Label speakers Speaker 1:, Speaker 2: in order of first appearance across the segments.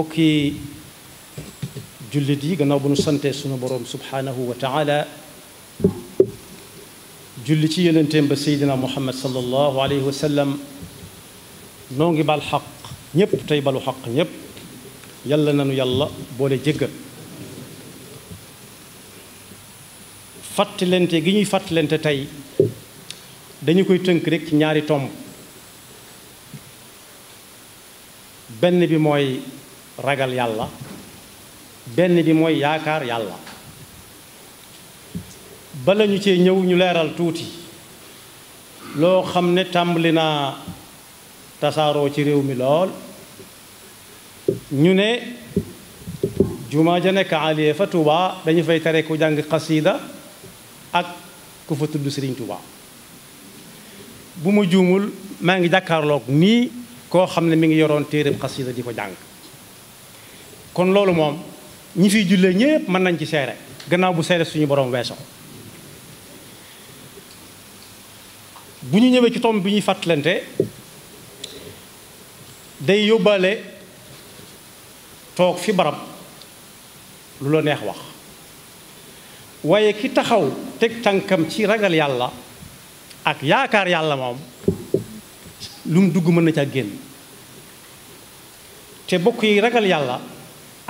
Speaker 1: mbokki jullit yi gannaaw bu nu sante sunu boroom subhaanahu wa taala julli ci yonenteem ba seydina muhammad sallallahu alayhi wa sallam noo ngi bal xaq ñépp tey balu xaq ñépp yàlla nanu yàlla boole jéggal fàttalente gi ñuy fàttalente tey dañu koy tënk rekk ci ñaari tomb benn bi mooy ragal yàlla benn bi mooy yaakaar yàlla bala ñu cee ñëw ñu leeral tuuti loo xam ne tàmbali naa tasaaroo ci réew mi lool ñu ne jumaa ja nekk aliye fa Touba dañu fay tere ku jàng xasiida ak ku fa tudd Sëriñ Touba bu mu juumul maa ngi jàkkaarlook nii koo xam ne mi ngi yoroon téereb xasiida di ko jàng kon loolu moom ñi fiy jullee ñépp mën nañ ci seere gannaaw bu seere suñu borom weesoo bu ñu ñëwee ci tomb bi ñuy fàttalante day yóbbaale toog fi barab lu la neex wax waaye ki taxaw teg tànkam ci ragal yàlla ak yaakaar yàlla moom lu mu dugg mën na ca génn te bokk yi ragal yàlla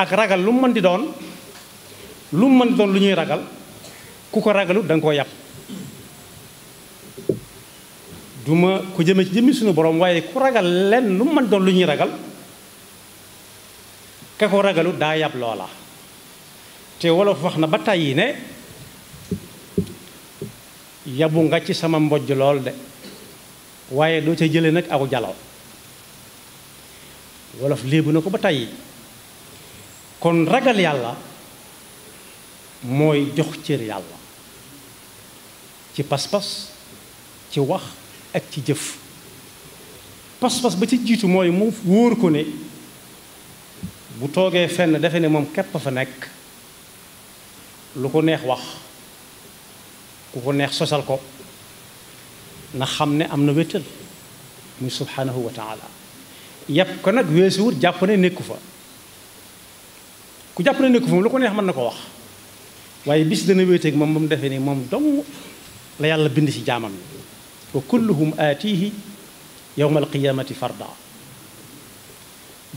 Speaker 1: ak ragal lu mu mën di doon lu mu mën di doon lu ñuy ragal ku ko ragalu danga nga koo yàpp du ma ko jëmee ci jëmmi suñu boroom waaye ku ragal lenn lu mu mën doon lu ñuy ragal ka ko ragalu daa yàpp loola te wolof wax na ba tàyyi ne yabu nga ci sama mbojj lool de waaye doo ca jële nag aw jalaw wolof léebu na ko ba tàyyi kon ragal yàlla mooy jox cër yàlla ci pas-pas ci wax ak ci jëf pas-pas ba ci jiitu mooy mu wóor ko ne bu toogee fenn defe ne moom képp fa nekk lu ko neex wax ku ko neex sosal ko na xam ne am na wéttal muy subhanahu wa taala yàpp ko nag weesuwut jàpp ne nekku fa ku jàpp ne nekku fi moom lu ko neex mën na ko wax waaye bis dana wéeteeg moom ba mu defee ni moom dong la yàlla bind ci jaamam yi wa kulluhum aatihi yowma alqiyamati farda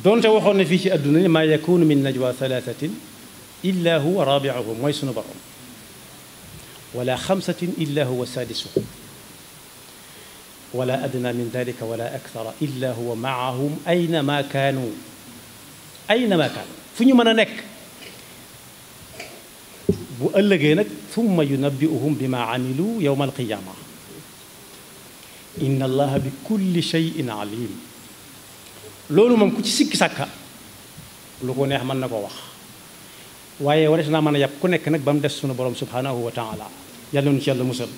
Speaker 1: doonte waxoon na fii ci àdduna ne maa yakunu min najwa thalathatin illa huwa raabiuhum mooy sunu borom wala xamsatin illa huwa saadisuhum wala adna min dalika wala akthara illa huwa maahum aynama kaanu aynama kaanu fu ñu mën a nekk bu ëllëgee nag thumma yunabbi'uhum bima amilu yawma alqiyaama inna allaha bi kulli ku ci sikki sàkka lu ko neex mën na ko wax waaye warees naa mën a yàpp ku nekk nag ba mu des sunu borom subhanahu wa taala yàlla nu ci yàlla musal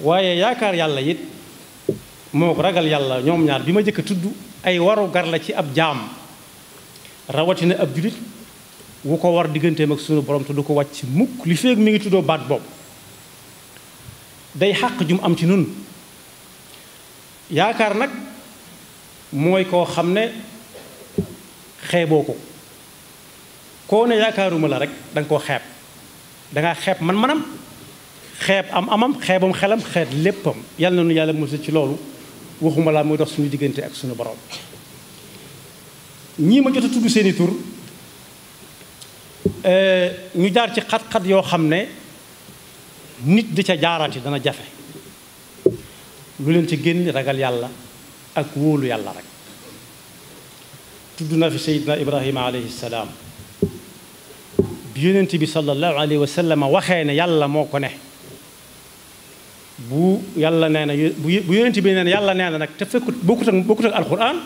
Speaker 1: waaye yaakaar yàlla yit moo ko ragal yàlla ñoom ñaar bi ma jëkk a tudd ay waru gar la ci ab jaam rawatina ab julit wu ko war digganteem ak sunu borom te du ko wàcc mukk li feeg mi ngi tuddoo baat boobu day xàq jum am ci nun yaakaar nag mooy koo xam ne xeeboo ko koo ne yaakaaruma la rek da koo xeeb dangaa xeeb man-manam xeeb am amam xeebam xelam xeet léppam yàlla na nu yàlla mosa ci loolu waxuma laa muy dox suñu diggante ak suñu borom ñii ma jot a tudd seeni tur euh, ñu jaar ci xat-xat yoo xam ne nit di ca jaarati dana jafe lu leen ci génn ragal yàlla ak wóolu yàlla rek tudd na fi seydina ibrahima alayhi salaam bi yonent bi sallallahu alayhi wa sallam waxee ne yàlla moo ko ne bu yàlla nee na bu yonent bi nee na yàlla nee na nag te fekkut bokkut ak bokkut ak alquran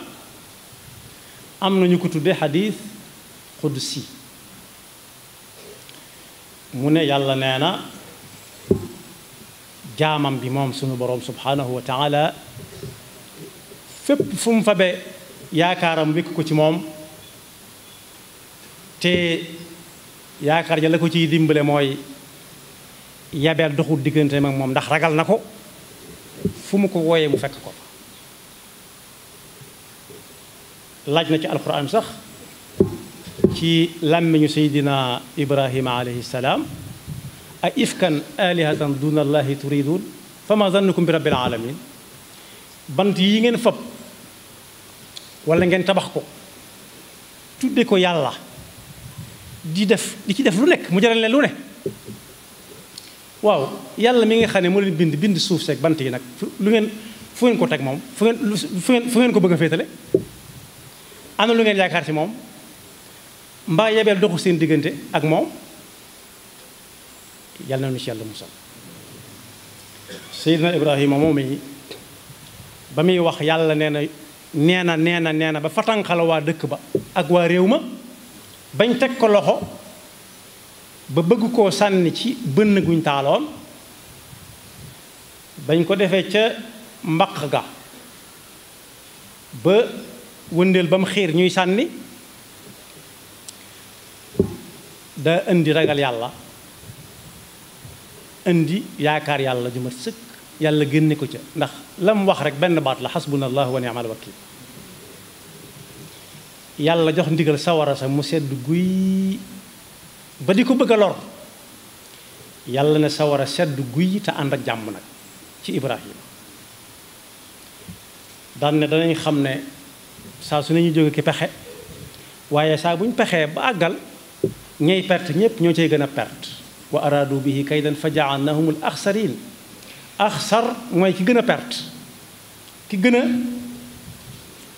Speaker 1: am nañu ko tudde xadiis qudsi mu ne yàlla nee na jaamam bi moom sunu boroom subhaanahu wa taala fépp fu mu fabe yaakaaram wékk ko ci moom te yaakaar ja la ko ciy dimbale mooy yabeel doxul diggante mag moom ndax ragal na ko fu mu ko wooyee mu fekk ko laaj na ci alquran sax ci làmmiñu seydina ibrahima alayhi salaam a ifkan alihatan duna allahi turidun fama zannukum bi rabbil alamin bant yi ngeen fab wala ngeen tabax ko tudde ko yàlla di def di ci def lu nekk mu jaral leen lu ne waaw yàlla mi nga xam ne moo leen bind bind suuf seeg bant yi nag lu ngeen fu ngeen ko teg moom fu ngeen ko bëgg a féetale am na lu ngeen yaakaar si moom mbaa yebeel doxu seen diggante ak moom yàlla na nu ci yàlla musal seydina ibrahima moom yi ba muy wax yàlla nee na nee na nee na nee na ba fatanqala waa dëkk ba ak waa réew ma bañ teg ko loxo ba bëgg koo sànni ci bënn guñ taaloon bañ ko defee ca mbaq ga ba wëndeel ba mu xiir ñuy sànni da indi ragal yàlla indi yaakaar yàlla ju ma sëkk yàlla génne ko ca ndax la wax rek benn baat la xasbunallahu wa ni'mal wakil yàlla jox ndigal sawara sa mu sedd guy ba di ko bëgg a lor yàlla ne sawara sedd guy te ànd ak jàmm nag ci Ibrahima daan ne danañ xam ne saa su ne ñu jóge ki pexe waaye saa buñ pexee ba àggal ñay perte ñépp ñoo cay gën a perte wa araadu bihi kaydan fa jaalnahum al axsarin axsar mooy ki gën a perte ki gën a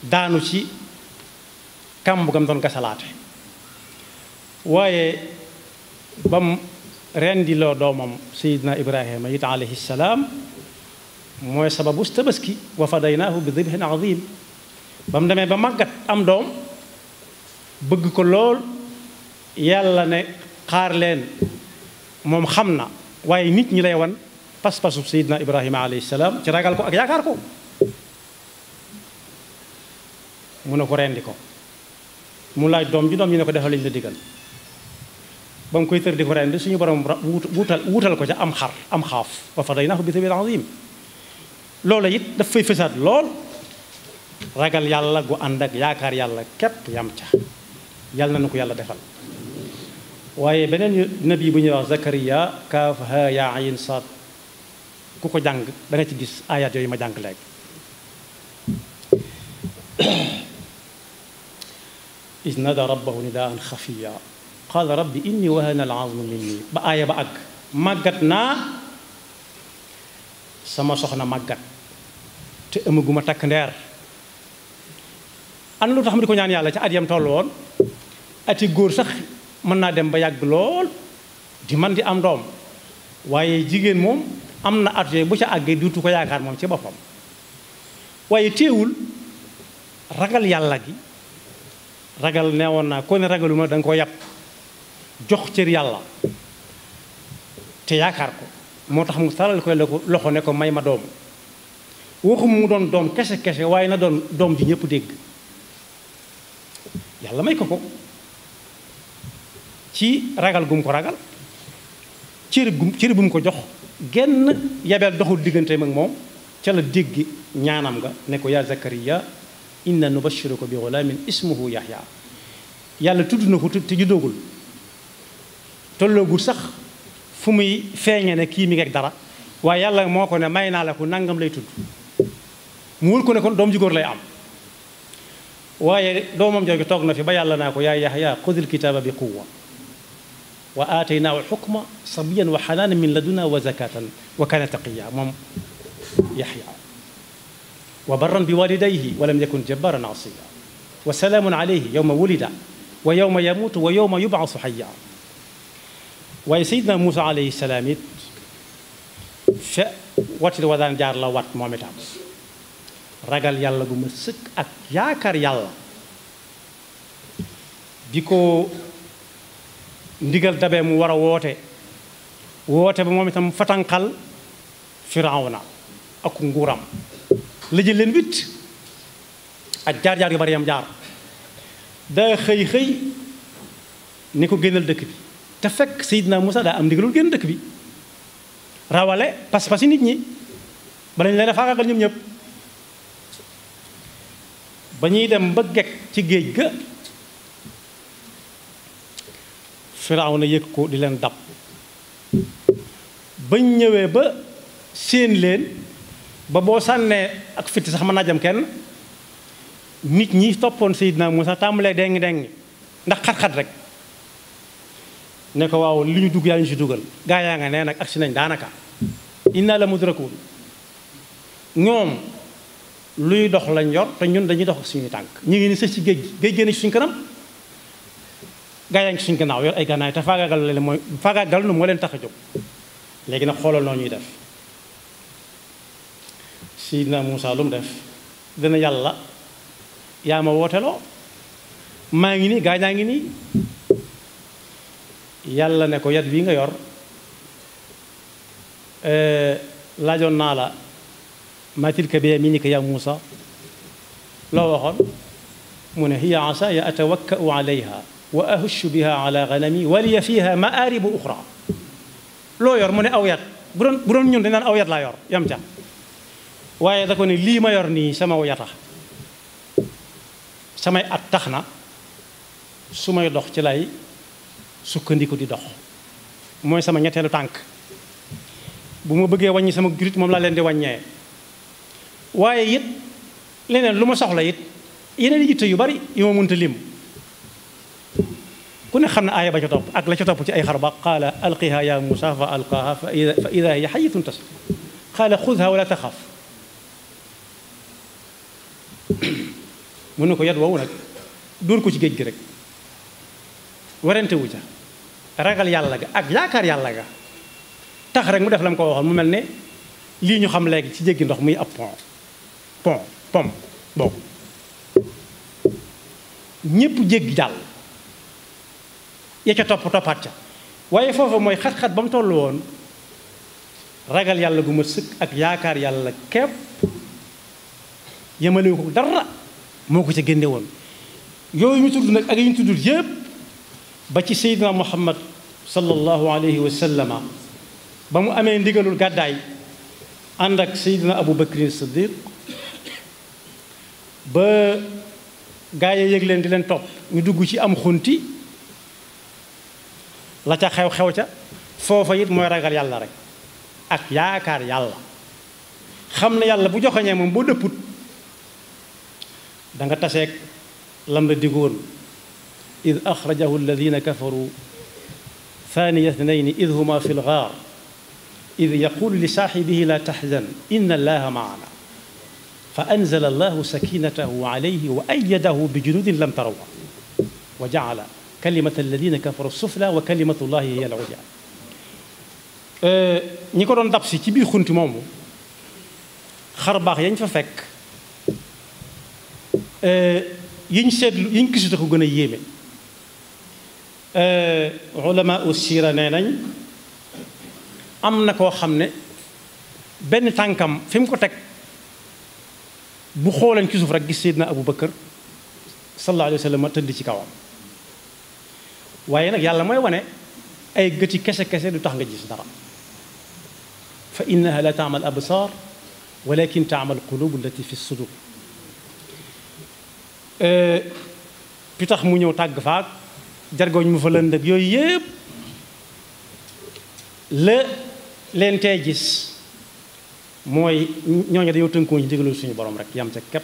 Speaker 1: daanu ci kàmb gam doon gasalaate waaye bam rendi loo doomam sayidna ibrahima it alayhi salaam mooy sababus tabaski wa fadaynaahu bi dibhin azim ba mu demee ba màggat am doom bëgg ko lool yàlla ne xaar leen moom xam na waaye nit ñi lay wan pas-pasu sayidna ibrahima alayhi salaam ci ragal ko ak yaakaar ko mu ne ko rendi ko mu laaj doom ji doom ñu ne ko defal lañ la digal ba mu koy tër di ko rendi suñu borom wutal wutal ko ca am xar am xaaf wa fadaynaahu bi zabin azim loola it daf fay fësaat lool ragal yàlla gu ànd ak yaakaar yàlla képp yam ca yàlla na nu ko yàlla defal waaye beneen nabi bu ñuy wax zakariya kaaf ha yaa ayin saat ku ko jàng danga ci gis ayat yooyu ma jàng léegi is nada rabbahu nidaan xafiya qaala rabbi inni wahana al azmu minni ba aaya ba ak màggat naa sama soxna màggat te ëmmaguma takk ndeer ana lu tax mu di ko ñaan yàlla ca at yam toll woon ati góor sax mën naa dem ba yàgg lool di man di am doom waaye jigéen moom am na at yooyu bu ci àggee duutu ko yaakaar moom ci boppam waaye téewul ragal yàlla gi ragal nee woon naa ko ne ragaluma danga ko yàpp jox cër yàlla te yaakaar ko moo tax mu saral koy loxo ne ko may ma doom waxum mu doon doom kese kese waaye na doon doom ji ñëpp dégg yàlla may ko ko ci ragal gum ko ragal cër gum cër bum ko jox genn yabeel doxul diggante mag moom ca la dégg ñaanam nga ne ko yaa Zakariya inna nubashiruka bi ghulamin ismuhu Yahya yàlla tudd na ko te juddoogul tolloogul sax fu muy feeñe ne kii mi ngeeg dara waaye yàlla moo ko ne may naa la ko nàngam lay tudd mu wër ko ne kon doom ji lay am waaye doomam jooju toog na fi ba yàlla naa ko yaa yaxya xudil kitaaba bi quwa wa aataynaahu xukma sabiyan wa xanaanan min laduna wa zakatan wa kaana taqiya moom yaxya wa barran bi walidayhi wa lam yakun jabbaran asiya wa salaamun alayhi yowma wulida wa yowma yamuutu wa yowma yubcasu xayya waaye sayidna Muusa alayhi salaam it fa watil wadaan jaar la wat moom itam ragal yàlla gu ma sëkk ak yaakaar yàlla bi ko ndigal dabee mu war a woote woote ba moom itam fatanqal firawna ak nguuram la jël leen wit ak jaar-jaar yu bari yam jaar daa xëy xëy ni ko génnal dëkk bi te fekk Seydina Moussa daa am ndigalul génn dëkk bi rawale pas-pasi nit ñi bala ñu leen a faagaagal ñoom ñëpp ba ñuy dem ba geg ci géej ga na yëg ko di leen dab bañ ñëwee ba séen leen ba boo sànnee ak fitti sax mën naa jëm kenn nit ñi toppoon Seydina Muusa tàmbalee dengi dengi ndax xat-xat rek ne ko waaw li ñu dugg yaa ñu si dugal gaa yaa nga nee nag ak agsi nañ daanaka inna la mudrakuun ñoom luy dox lañ yor te ñun dañuy dox suñuy tànk ñu ngi ni sës ci géej gi géej génn suñ kanam gaa yaa ngi suñ gannaaw yor ay gannaay te faagaagal leen mooy faagaagal nu moo leen tax jóg léegi nag xoolal noo ñuy def sidna Muusaa lu mu def dina yàlla yaa ma wooteloo maa ngi nii gaa ñaa ngi nii yàlla ne ko yat wi nga yor eh, laajoon naa la ma tilka bi yaminika ya Muusa loo waxoon mu ne hiya asaaya atawakkau alayha wa aw yat bu doon bu yor yam ca waaye da ko ne lii ma yor nii sama yata samay at tax na su may dox ci lay sukkandiku di dox mooy sama ñetteelu tànk bu ma bëggee wàññi sama jurit moom laa leen di wàññee waaye it leneen lu ma soxla it yeneen yitte yu bari yu ma mënta lim ku ne xam na aaya ba ca ak la ca ci ay xarbaax qaala alqiha ya musa fa alqaha fa ida hiya xayatun tasa qaala xudha wala taxaf mun na ko yat woowu nag dóor ko ci géej gi rek werante wu ca ragal yàlla ak yaakaar yàlla ga tax rek mu def la mu ko waxoon mu mel ne lii ñu xam léegi ci jéggi ndox muy ab pom pom boobu ñépp jéggi jàll ya ca topp toppaat ca waaye foofu mooy xat-xat ba mu toll woon ragal yàlla gu ma sëkk ak yaakaar yàlla képp yemalewu ko dara moo ko ca génne woon yooyu ñu tudd nag ak ñu tuddul yépp ba ci seydina muhammad sallallahu alayhi wa ba mu amee ndigalul gàddaay ànd ak seydina abu bakrin siddiq ba gaa yi yëg leen di leen topp mu dugg ci am xunti la ca xew xew ca foofa it mooy ragal yàlla rek ak yaakaar yàlla xam ne yàlla bu joxoñee moom boo dëpput da nga taseeg lam la digoon id axrajahu alladina kafaru thaniya thnayni id id yaqulu li saaxibihi la taxzan inna allaha maana fa anzala allahu sakinatahu alayhi wa ayyadahu bi junudin lam tarawha wa jaala kalimata alladina kafaru sufla wa kalimatu llahi hiya al-ulya ñi ko doon dab si ci biir xunti moomu xar baax yañ fa fekk euh, yiñ seetlu yiñ gisute ko gën a yéeme euh, ulama u siira nee nañ am na koo xam ne benn tànkam fi mu ko teg bu xooleen ci suuf rek gis seydina abu bakar sallallahu alayhi wa sallam tëdd ci kawam waaye nag yàlla mooy wane ay gëti kese kese du tax nga gis dara fa innaha la taamal absar walakin taamal qulub allati fi euh, tax mu ñëw tàgg faag jargoñ mu fa lënd yooyu yépp la leen tee gis mooy ñooñu dañoo tënkoon ci ndigalu suñu borom rek yam ca képp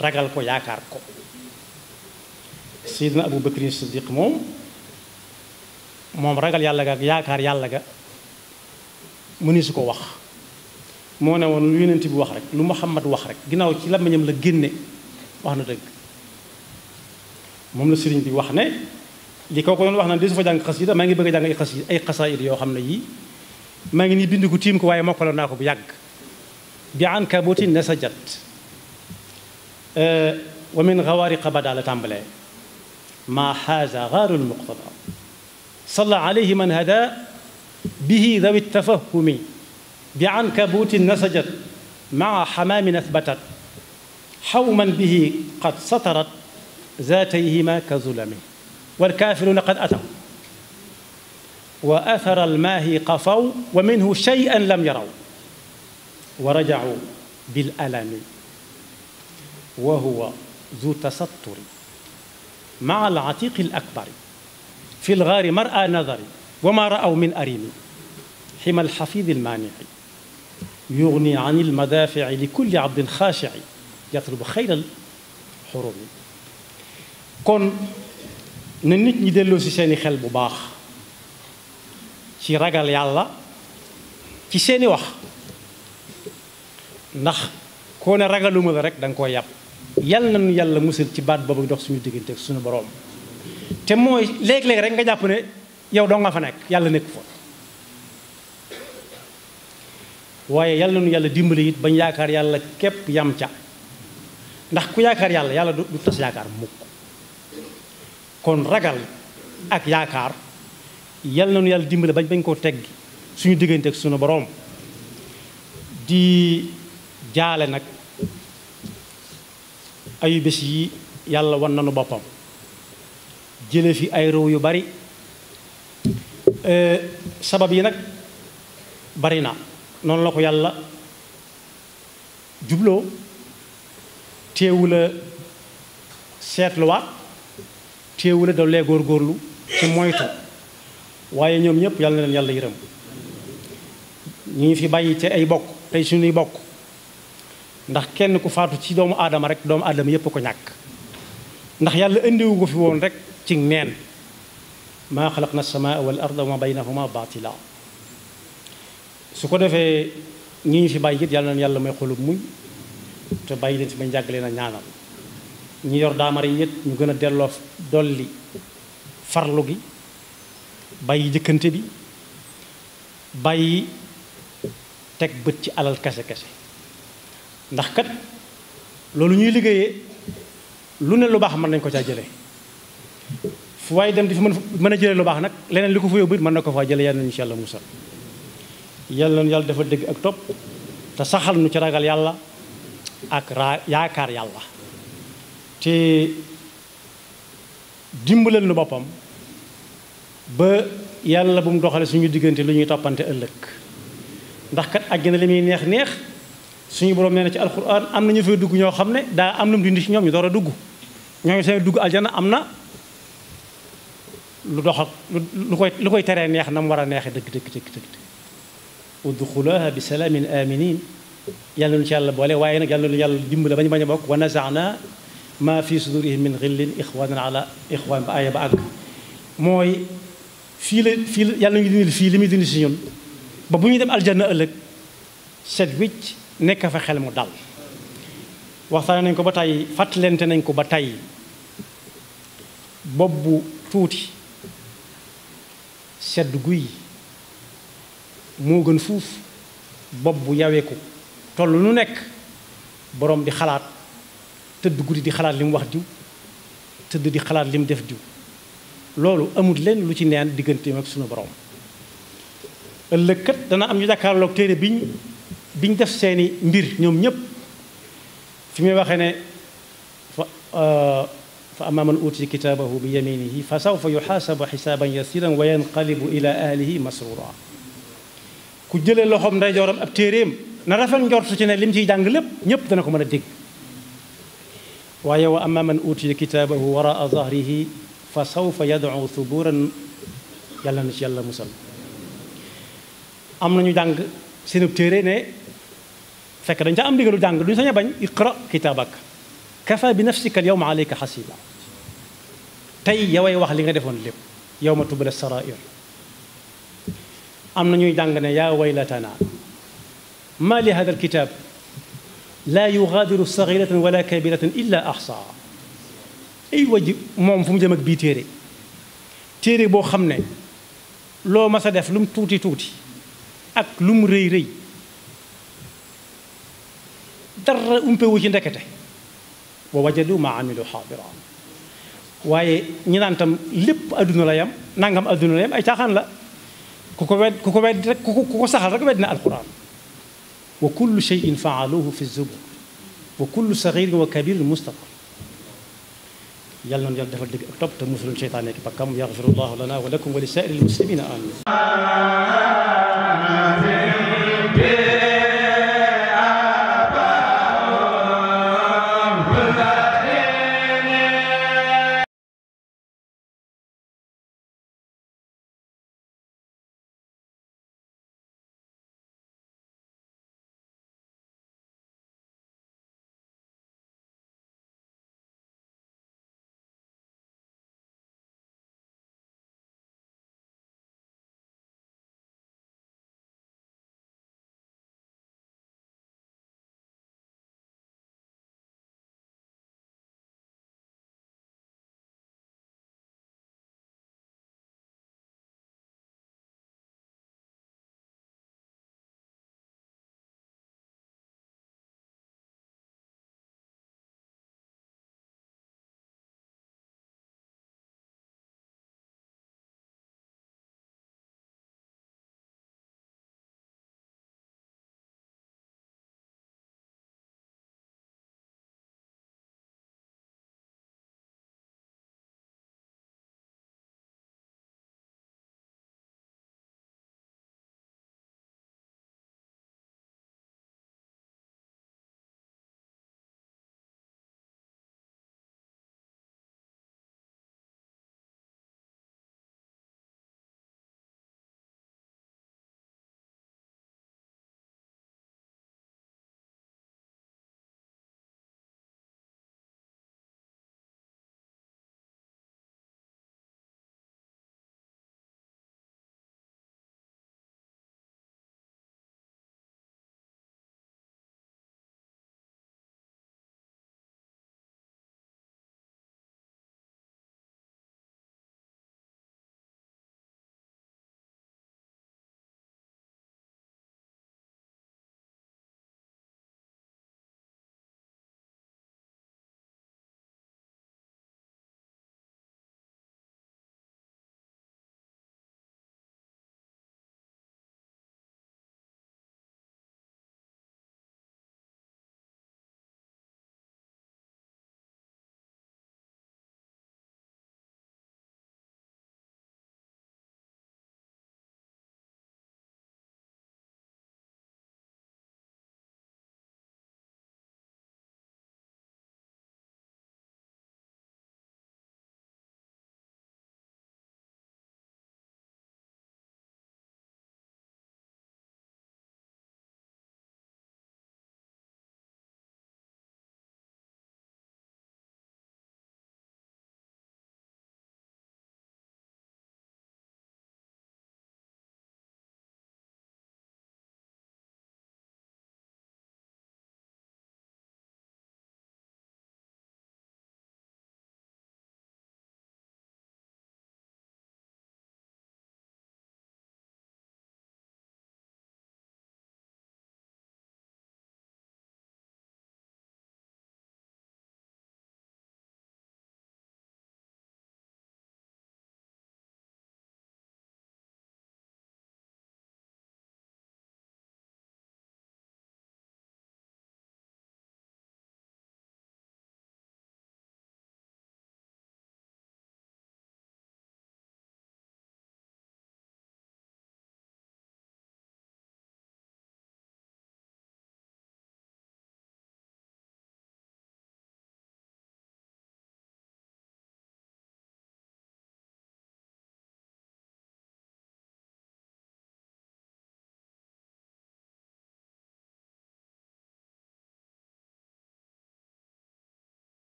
Speaker 1: ragal ko yaakaar ko Seydina Abu Bakrin Siddiq moom moom ragal yàlla ga yaakaar yàlla ga mëni su ko wax moo ne woon lu yonent bi wax rek lu Muhammad wax rek ginnaaw ci làmmiñam la génne wax na dëgg moom la sëriñ bi wax ne li koo ko doon wax na di su fa jàng xasida maa ngi bëgg a jàng ay xasida ay yoo xam ne yii maa ngi nii bind ko tiim ko waaye mokkaloon naa ko bu yàgg bi ankabutin nasajat wa min xawaariqa ba daal a tàmbalee maa xaaza xaarul muqtada salla alayhi man hada bihi dawi tafahumi bi ankabutin nasajat maa xamaamin athbatat xawman bihi qad satarat zaatayhima ka zulami walkaafiruuna qad ataw wa athara almaahi qafaw wa minhu shay'an lam yaraw wa rajacu bil alami wa huwa zu tasatturi maa al atiqi al akbari fi l gaari mara nadari wa ma ra'aw min arimi xima al xafidi al maanici yugni an al madaafici li kulli abdin xaashici yatlubu xayral xurumi kon na nit ñi delloo si seeni xel bu baax ci ragal yàlla ci seeni wax ndax koo ne ragaluma la rek danga koo yàpp yal nañu yàlla musal ci baat boobu dox suñu diggante ak suñu boroom te mooy léeg-léeg rek nga jàpp ne yow doo nga fa nekk yàlla nekk fa waaye yal yàlla dimbali it bañ yaakaar yàlla képp yam ca ndax ku yaakaar yàlla yàlla du tas yaakaar mukk kon ragal ak yaakaar yal nañu yàlla dimbali bañ bañ koo teggi suñu diggante ak suñu boroom di jaale nag ayu bés yi yàlla wan nanu boppam jële fi ay réew yu bari sabab yi nag bari na noonu la ko yàlla jubloo téewula seetluwaat téewula daf lee góorgóorlu ci moytu waaye ñoom ñëpp yàlla na leen yàlla yërëm ñu ngi fi bàyyi ci ay bokk tey suñuy bokk ndax kenn ku faatu ci doomu aadama rek doomu aadama yépp ko ñàkk ndax yàlla indiwu ko fi woon rek ci neen maa xalaq na samaa wal arda wa ma baynahuma baatila su ko defee ñi ñu fi bàyyi it yàlla na yàlla may te bàyyi leen fi may njàgg leen ñaanal ñi yor daamari it ñu gën a delloo dolli farlu gi bàyyi jëkkante bi bàyyi teg bët ci alal kase kese ndax kat loolu ñuy liggéeye lu ne lu baax mën nañ ko caa jële fu waaye dem di fi mën mën a jëlee lu baax nag leneen li ko fa yóbbu mën na ko faa jëlee yàlla nañu ci yàlla musal yàlla nañu yàlla dafa dégg ak topp te saxal nu ci ragal yàlla ak raa yaakaar yàlla te dimbalal nu boppam ba yàlla bu mu doxalee suñu diggante lu ñuy toppante ëllëg ndax kat àjjana li muy neex neex suñu borom nee na ci alquran am na ñu fay dugg ñoo xam ne daa am lu mu dindi ci ñoom ñu door a dugg ñooñu seen dugg aljana am na lu dox ak lu koy lu koy teree neex na mu war a neexee dëgg dëgg dëgg dëgg udxulaha bi salaamin aminin yàlla nu ci yàlla boole waaye nag yàlla nu yàlla dimbale bañ bañ a bokk wa nazaana ma fi sudurihim min xillin ixwanan ala ixwan ba aaya ba fii la li muy dindi si ñun ba bu ñu dem aljana ëllëg set wicc nekk fa xel mu dal waxtaan nañ ko ba tàyyi fàttalente nañ ko ba tey bopp bu tuuti sedd guy moo gën fuuf bopp bu yawee ko toll nu nekk boroom bi xalaat tëdd guddi di xalaat li mu wax diw tëdd di xalaat li mu def diw loolu amut leen lu ci neen digganteem ak sunu boroom ëllëg kat dana am ñu jàkkaarloog téere biñ biñ def seeni mbir ñoom ñëpp fi muy waxee ne fa euh, fa amma man utiya kitaabahu bi yaminihi fa sawfa yuxaasabu xisaaban yasiran wa yanqalibu ila ahlihi masrura ku jëlee loxoom ndeyjooram ab téeréem na rafet njortu ci ne lim ciy jàng lépp ñëpp dana ko mën a dégg waaye wa amma man utiya kitaabahu waraa zahrihi fa sawfa yadcu thuburan yàlla na ci yàlla seen ab téere fekk dañ caa am ndigalu jàng duñu sañ a bañ iqra kitabak kafa bi nafsika al yawma alayka xasiba tey yoway wax li nga defoon lépp yawma tubla sarair am na ñuy jàng ne yaa waylatana ma li hada al kitab laa yugaadiru saxiratan wala kabiratan illa axsa ay waj moom fu mu jëm ak bii téere téere boo xam ne loo mas a def lu mu tuuti tuuti ak lu mu rëy rëy dara umpewu ci ndekete wa wajadu ma amilu xaadiran waaye ñi naan tam lépp adduna la yam nangam adduna la ay caaxaan la ku ko wed ku ko wed rek ku ko saxal rek wedd na alquran wa kullu cheyin fi zubur wa kullu saxirin wa kabirin mustaqbal yàlla noonu yàlla defal dëgg ak topp te musulum cheytaan nekk bakkam lana wa lakum wa li saa'iril